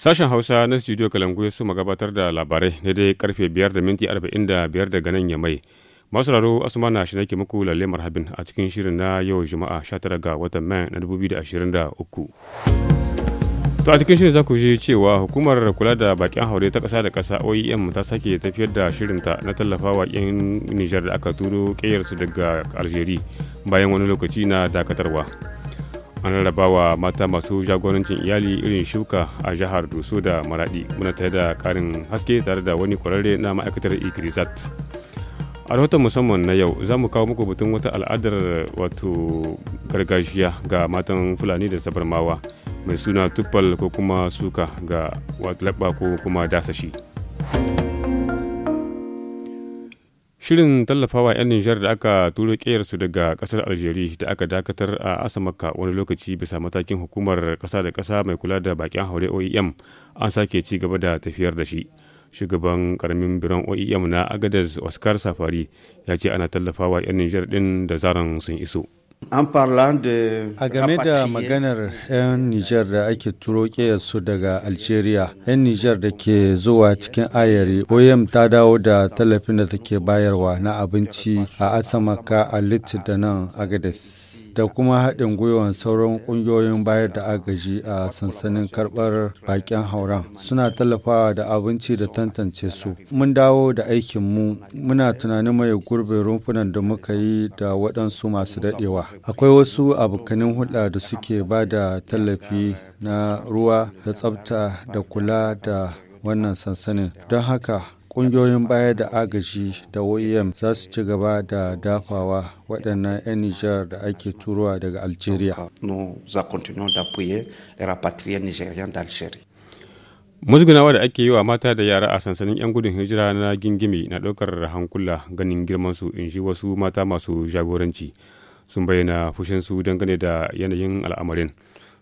Sashen Hausa na Studio Kalangu su gabatar da labarai ne dai karfe 5 da minti 45 daga nan ya mai. Masu raro Asmana shi nake muku lalle marhabin a cikin shirin na yau Juma'a 19 ga watan Mayan na 2023. To a cikin shirin za ku ji cewa hukumar kula da bakin haure ta ƙasa da ƙasa OEM ta sake tafiyar da shirinta na tallafawa 'yan Nijar da aka turo ƙeyarsu daga Algeria bayan wani lokaci na dakatarwa. an rarrabawa mata masu jagorancin iyali irin shuka a jihar dusu da maradi muna tare da karin haske tare da wani kwararre na ma'aikatar igrizat a rahoton musamman na yau za mu kawo muku batun wata al'adar wato gargajiya ga matan fulani da sabarmawa mai suna tuffal ko kuma suka ga wato ko kuma dasashi. Shirin tallafawa 'yan Nijar da aka turo ƙeyarsu daga ƙasar aljeri da aka dakatar a Asamaka wani lokaci bisa matakin hukumar ƙasa da ƙasa mai kula da bakin haure OEM an sake ci gaba da tafiyar da shi. Shugaban karamin biran OEM na Agadez Oscar Safari ya ce ana tallafawa 'yan Nijar ɗin da zaran sun iso. An A game da maganar 'yan Nijar da ake turo su daga Algeria, 'yan Nijar da ke zuwa cikin ayari, OM ta dawo da tallafin da take bayarwa na abinci a Asamaka a Lit da nan Agades. Da kuma haɗin gwiwan sauran ƙungiyoyin bayar da agaji a sansanin karɓar baƙin hauran suna tallafawa da abinci da tantance su. Mun dawo da aikinmu muna tunanin mai gurbin rumfunan da muka yi da waɗansu masu daɗewa. Akwai wasu abokanin hulɗa da suke ba da tallafi na ruwa da tsabta da kula da wannan sansanin. Don haka, ƙungiyoyin baya da agaji da OEM za su ci gaba da dafawa waɗannan 'yan Nijar da ake turowa daga Algeria. musgunawa da ake yi wa mata da yara a sansanin 'yan gudun hijira na gingimi na ɗaukar hankula ganin girmansu in shi wasu mata masu jagoranci sun bayyana fushin su dangane da yanayin al'amarin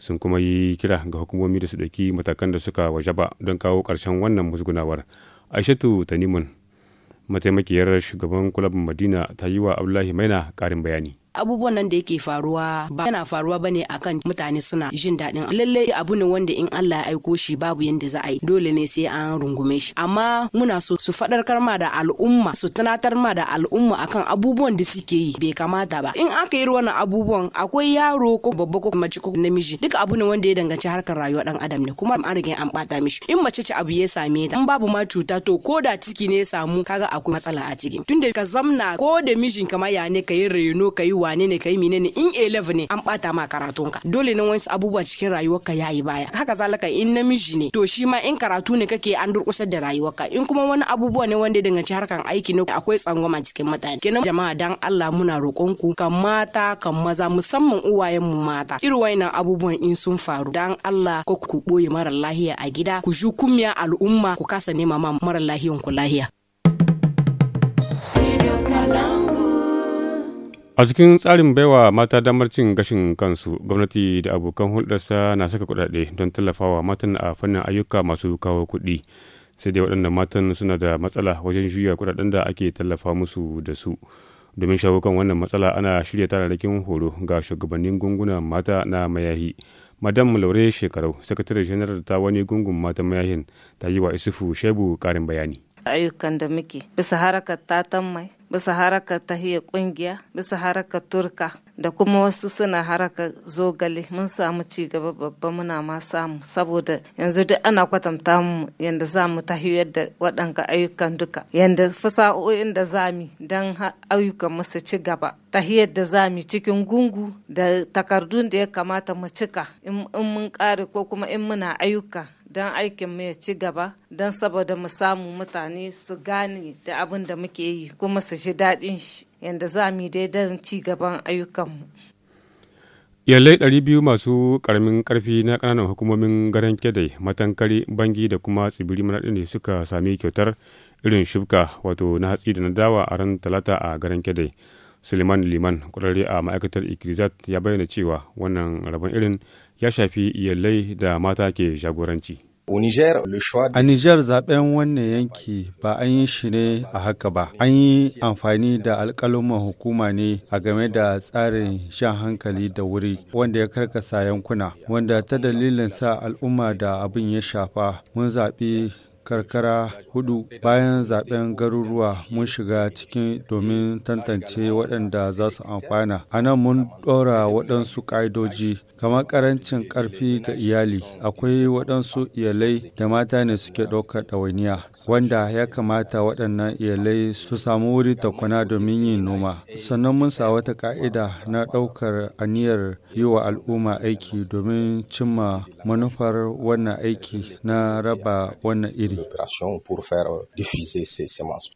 sun kuma yi kira ga hukumomi da su ɗauki matakan da suka wajaba don kawo ƙarshen wannan musgunawar aishatu tanimun mataimakiyar shugaban kulabin madina ta yi wa abdullahi maina ƙarin bayani abubuwan nan da yake faruwa ba yana faruwa bane akan mutane suna jin daɗin lalle abu ne wanda in Allah ya aiko shi babu yanda za a yi dole ne sai an rungume shi amma muna so su faɗarkar ma da al'umma su tunatar ma da al'umma akan abubuwan da suke yi bai kamata ba in aka yi wannan abubuwan akwai yaro ko babba ko mace ko namiji duk abu ne wanda ya danganci harkar rayuwa dan adam ne kuma an rage an bata mishi in mace ce abu ya same ta in babu ma cuta to ko da ciki ne ya samu kaga akwai matsala a ciki tunda ka zamna ko da mijin kamar ya ne ka yi reno ka yi wane ne kai menene in a ne an bata ma karatunka dole ne wasu abubuwa cikin rayuwarka yayi baya haka zalaka in namiji ne to shi ma in karatu ne kake an durkusar da rayuwarka in kuma wani abubuwa ne wanda ya harkan aiki ne akwai tsangwama cikin mutane kenan jama'a dan Allah muna roƙon ku kan mata kan maza musamman uwayen mu mata irin wayannan abubuwan in sun faru dan Allah ko ku boye mara lahiya a gida ku ju kumya al'umma ku kasa nema ma mara lahiyan ku lahiya A cikin tsarin baiwa mata damar cin gashin kansu, gwamnati da abokan hulɗarsa na saka kuɗaɗe don tallafawa matan a fannin ayyuka masu kawo kuɗi. Sai dai waɗannan matan suna da matsala wajen juya kuɗaɗen da ake tallafa musu da su. Domin shawo wannan matsala ana shirya tararrakin horo ga shugabannin gungunan mata na mayahi. Madam Laure Shekarau, sakatare janar ta wani gungun mata mayahin, ta yi wa Isufu Shebu ƙarin bayani. ayyukan da muke bisa harakar tatan mai bisa harakar tahiyar kungiya bisa harakar turka da kuma wasu suna harakar zogale mun samu ci gaba babba muna ma samu saboda yanzu duk ana kwatanta mu yanda za mu tahiyar da waɗanka ayyukan duka yanda fasa'o'in da zami don ayyukan musu ci gaba tahiyar da zami cikin gungu da takardun da ya kamata mu cika in mun kare ko kuma in muna ayyuka don aikin mu ya ci gaba don saboda mu samu mutane su gane da abin da muke yi kuma su ji daɗin shi yadda za mu dai don ci gaban ayyukanmu. yallai ɗari biyu masu ƙaramin ƙarfi na ƙananan hukumomin garin kedai matankari bangi da kuma tsibiri manaɗi ne suka sami kyautar irin shubka wato na hatsi da na dawa a ran talata a garin kedai suleiman liman kwararre a ma'aikatar ikrizat ya bayyana cewa wannan rabon irin ya shafi iyalai da mata ke jagoranci A Nijar zaben wannan yanki ba an yi shi ne a haka ba, an yi amfani da alƙaluman hukuma ne a game da tsarin shan hankali da wuri wanda ya karkasa yankuna, wanda ta dalilin sa al'umma da abin ya shafa mun zaɓi karkara hudu bayan zaben garuruwa mun shiga ciki domin tantance waɗanda za su amfana a nan mun ɗora waɗansu ƙa'idoji kamar ƙarancin ƙarfi ga iyali akwai waɗansu iyalai da mata ne suke ɗaukar ɗawainiya wanda ya kamata waɗannan iyalai su samu wuri kwana domin yin noma sannan mun sa wata ƙa'ida na ɗaukar aniyar yi wa al'umma aiki domin cimma manufar wannan aiki na raba wannan iri opération pour faire euh, diffuser ces semences.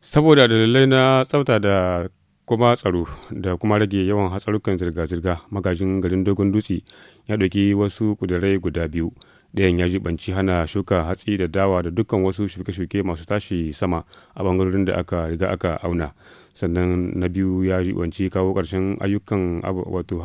Saboda dalilai na tsafta da kuma tsaro da kuma rage yawan hatsarukan zirga-zirga magajin garin dogon dutse ya ɗauki wasu kudurai guda biyu ɗayan ya jibanci hana shuka hatsi da dawa da dukkan wasu shuke-shuke masu tashi sama a bangarorin da aka riga aka auna sannan na biyu ya jibanci kawo ƙarshen ayyukan wato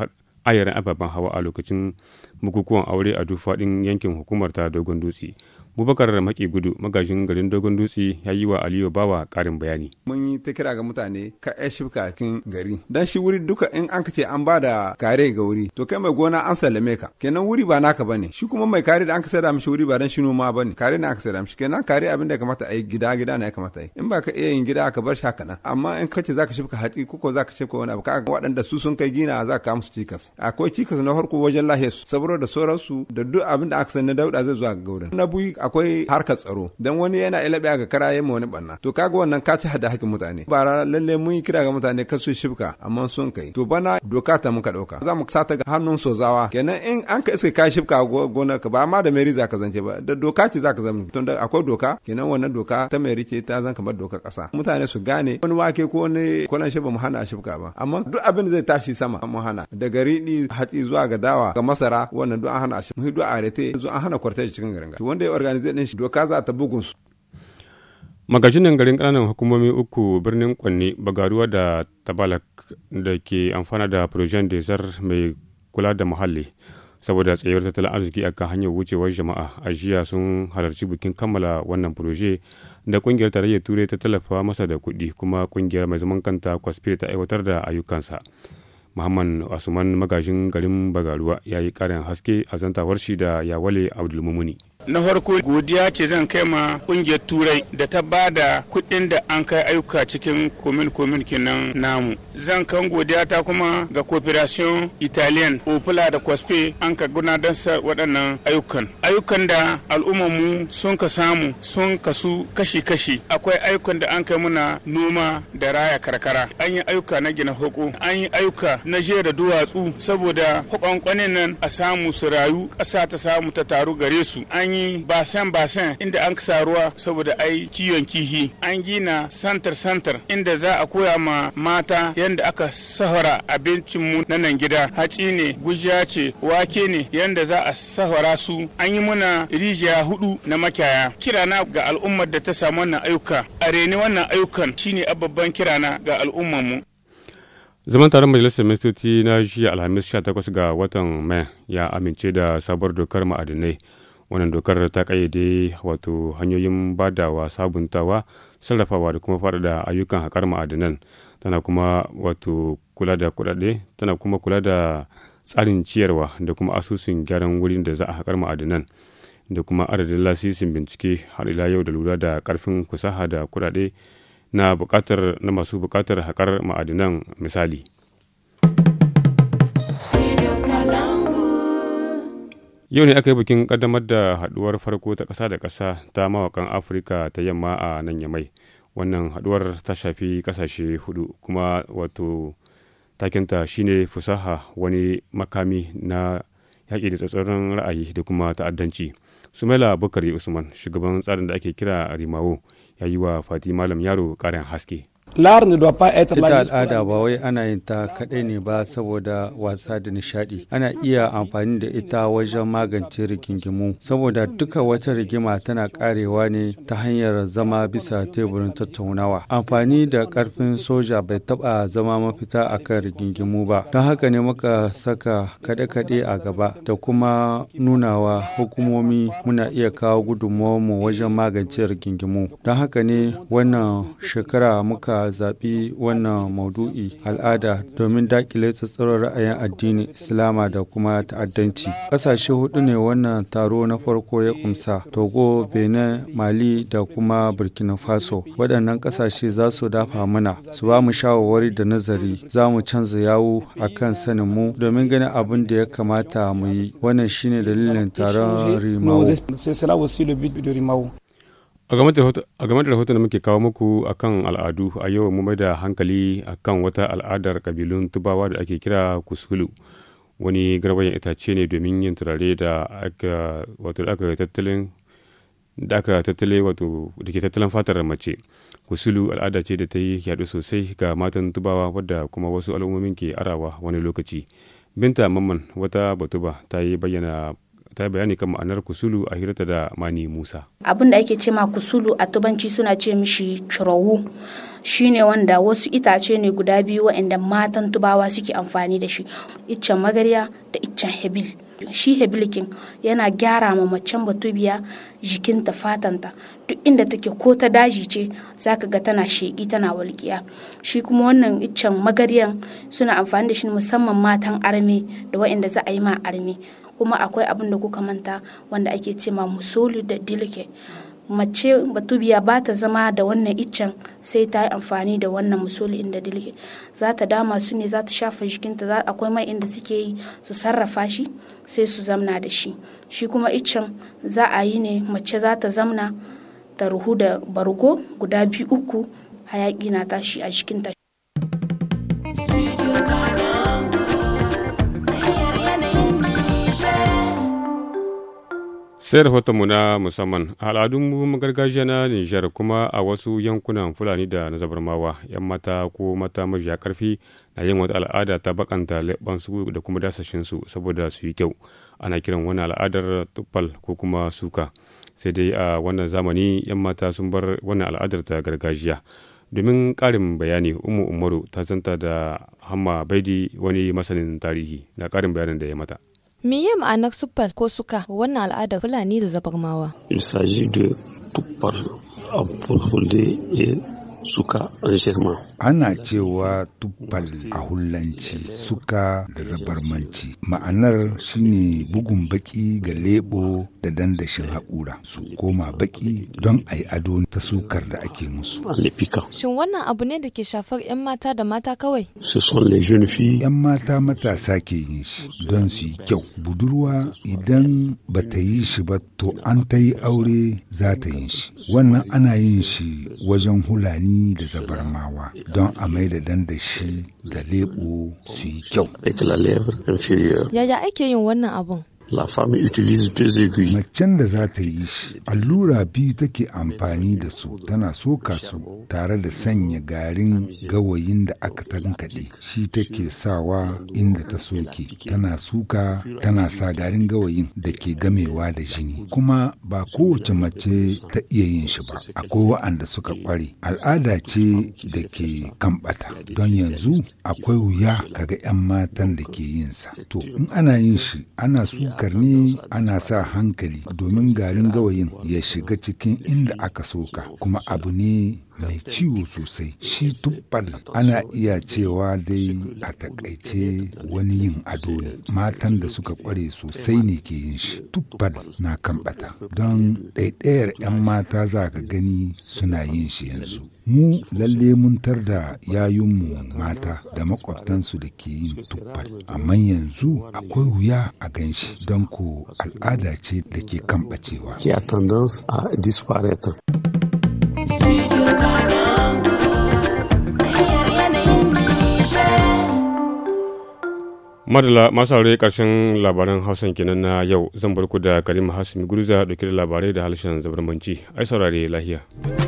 ayaran ababen hawa a lokacin bukukuwan aure a duk faɗin yankin hukumar ta dogon dutse Bubakar da Maki Gudu magajin garin Dogon Dutse ya yi wa Aliyu Bawa karin bayani. Mun yi ta kira ga mutane ka shifka a kin gari. Dan shi wuri duka in an ce an bada kare ga wuri to kai mai gona an sallame ka. Kenan wuri ba naka bane. Shi kuma mai kare da an ka saida mishi wuri ba dan shi noma bane. Kare ne aka saida mishi. Kenan kare abin da ya kamata a yi gida gida ne ya kamata a yi. In ba ka iya yin gida ka bar shaka na. Amma in ka ce zaka shifka hatsi ko zaka shifka wani abu ka waɗanda su sun kai gina za ka musu cikas. Akwai cikas na farko wajen lahiyar su saboda sauransu da duk abin da aka san na dauda zai zuwa ga gaurin. Na buyi akwai harka tsaro dan wani yana ilabe ga kara yayin wani banna to kaga wannan ka ci hada hakkin mutane bara lalle mun yi kira ga mutane kar su shibka amma sun kai to bana doka ta muka dauka za mu sata ga hannun sozawa kenan in an ka iska ka shibka gona ka ba ma da meri za ka zance ba da doka ce za ka zama tun da akwai doka kenan wannan doka ta meri ce ta zan kamar doka kasa mutane su gane wani wake ko wani kwalan shi ba mu hana shibka ba amma duk abin da zai tashi sama mu hana daga riɗi hatsi zuwa ga dawa ga masara wannan duk an hana shi mu hidu a arete zuwa an hana kwartaji cikin garin wanda ya organize zai shi doka za ta bugun su magajinan garin kananan hukumomi uku birnin kwanne bagaruwa da tabalak da ke amfana da projen desar mai kula da muhalli saboda tsayuwar tattalin arziki a kan hanyar wucewar jama'a a jiya sun halarci bikin kammala wannan proje da kungiyar tarayyar turai ta tallafa masa da kuɗi kuma kungiyar mai zaman kanta kwasfe ta aiwatar da ayyukansa muhammad asuman magajin garin bagaruwa ya yi ƙarin haske a zantawar shi da yawale abdulmumuni na farko godiya ce zan kai ma kungiyar turai da ta ba da kuɗin da an kai ayyuka cikin komin komin kinan namu zan kan godiya ta kuma ga cooperation italian opula da Cospe, an ka gudanar sa waɗannan ayyukan ayyukan da al'ummarmu sun ka samu sun kasu kashi-kashi akwai ayyukan da an kai muna noma da raya karkara an yi ayyuka na gina hoko an yi ayyuka na jera duwatsu saboda hukankwanin nan a samu su rayu ƙasa ta samu ta taru gare su an yi yi basan basan inda an kasa ruwa saboda ai kiwon kihi an gina santar santar inda za a koya ma mata yadda aka sahara abincin mu na nan gida haci ne gujiya ce wake ne yadda za a sahara su an yi muna rijiya hudu na makiyaya kirana ga al'ummar da ta samu wannan ayyuka a reni wannan ayyukan shine babban kirana ga al'ummar mu zaman taron majalisar ministoci na shi alhamis 18 ga watan mai ya amince da sabuwar dokar ma'adinai wannan dokar ta kayyade wato hanyoyin badawa sabuntawa sarrafawa da kuma faɗaɗa ayyukan haƙar ma'adanan tana kuma wato kula da kuɗaɗe tana kuma kula da tsarin ciyarwa da kuma asusun gyaran wurin da za a haƙar ma'adanan da kuma adadin lasisin bincike har ila yau da lura da ƙarfin kusaha da kuɗaɗe na na masu buƙatar haƙar ma'adanan misali Yau ne aka yi bikin ƙaddamar da haɗuwar farko ta ƙasa da ƙasa ta mawakan Afirka ta yamma a nan yamai. Wannan haɗuwar ta shafi ƙasashe hudu kuma wato takinta shine fusaha wani makami na yaƙi da tsatsauran ra'ayi da kuma ta'addanci. Sumaila Bukari Usman, shugaban tsarin da ake kira Rimawo, ya yi wa Fati Malam Yaro ƙarin haske. Ita al'ada ba wai ana yin ta kaɗai ne ba saboda wasa da nishaɗi. Ana iya amfani da ita wajen magance rigingimu, saboda duka wata rigima tana karewa ne ta hanyar zama bisa teburin tattaunawa. Amfani da karfin soja bai taba zama mafita a kan rigingimu ba. Don haka ne muka saka kaɗe-kaɗe a gaba da kuma nunawa hukumomi muna iya kawo mu wajen magance rigingimu. Don haka ne wannan shekara muka zaɓi wannan maudu'i al'ada domin dakile tsatsarar ra'ayin addini Islama da kuma ta'addanci. Ƙasashe hudu ne wannan taro na farko ya kumsa Togo, Benin, Mali da kuma Burkina Faso. Waɗannan ƙasashe za su dafa mana su ba mu shawarwari da nazari za mu canza yawo a kan sanin mu domin ganin abin da ya kamata mu yi. Wannan shine dalilin taron rimawu. A game da rahoton da muke kawo muku a kan al'adu a yau mu da hankali a kan wata al'adar kabilun tubawa da ake kira kusulu wani garbayan itace ne domin yin turare da aka tattalin da wato da ke tattalin fatar mace kusulu al'ada ce da ta yi yaɗu sosai ga matan tubawa wadda kuma wasu al'ummomin ke arawa wani lokaci binta mamman wata batuba ta yi bayyana ta bayani kan ma'anar kusulu a hirata da mani musa abin da ake ce ma kusulu a tubanci suna ce mishi curawu shine wanda wasu itace ne guda biyu wa'inda matan tubawa suke amfani da shi iccen magarya da iccen hebil shi hebilkin yana gyara ma macen batubiya jikinta fatanta duk inda take ko ta daji ce za ka ga tana sheƙi tana walƙiya shi kuma wannan iccen magaryan suna amfani da shi musamman matan arme da wa'inda za a yi ma arme kuma akwai abin da kuka manta wanda ake ce ma musulu da dilke mace batubiya ba ta zama da wannan iccen sai ta yi amfani da wannan musuli inda dilke za ta dama su ne za ta shafa jikinta akwai mai inda suke yi su sarrafa shi sai su zamna da shi shi kuma iccen za a yi ne mace za ta zamna ta ruhu da bargo guda biyu uku hayaki na tashi a jikinta sai na musamman al'adun gargajiya na nijar kuma a wasu yankunan fulani da na zabarmawa yan mata ko mata mafiya karfi na yin wata al'ada ta bakanta su da kuma dasashinsu saboda su yi kyau ana kiran wani al'adar tuffal ko kuma suka sai dai a wannan zamani yan mata sun bar wannan al'adar ta gargajiya domin ƙarin bayani umu umaru ta zanta da hamma baidi wani masanin tarihi na karin bayanin da ya mata Me ya ma'anar siffar ko suka wannan al'adar Fulani da zabarmawa? Il s'agit de tout par suka jirma. Ana cewa tuffal a hullanci suka da zabarmanci. Ma'anar shine bugun baki ga lebo da dandashin haƙura su koma baki don a yi ado ta sukar da ake musu. Shin wannan abu ne da ke shafar 'yan mata da mata kawai? 'Yan mata matasa ke yin shi don su yi kyau. Budurwa idan ba ta yi shi ba to an ta yi aure za ta yin shi. Wannan ana yin shi wajen hulani da zabarmawa don a mai da dandashi da lebo su yi kyau. Yaya ake yin wannan abun? La femme utilise deux aiguilles. Macen da za ta yi shi, allura biyu take amfani da su tana soka su tare da sanya garin gawayin da aka tankaɗe. Shi take sawa inda ta soke, tana suka tana sa garin gawayin da ke gamewa da jini. Kuma ba kowace mace ta iya yin shi ba, akwai wa'anda suka ƙware. Al'ada ce da ke kanɓata, don yanzu akwai wuya kaga 'yan matan da ke yin sa. To, in ana yin shi, ana su karni ana sa hankali domin garin gawayin ya shiga cikin inda aka soka kuma abu ne mai ciwo sosai shi tubban ana iya cewa dai a takaice wani yin ado ne matan da suka kware sosai ne ke yin shi tubban na kambata don ɗaiɗayar 'yan mata za ka gani suna yin shi yanzu mu lalle mun tar da yayunmu mata da makwabtansu da ke yin tuffar amma yanzu akwai wuya a ganshi don ko al'ada ce da ke kan bacewa. a madala masu aure karshen labaran hausan kenan na yau zan bar ku da karima hasimi gurza dauke da labarai da halshen zabarmanci ai saurare lahiya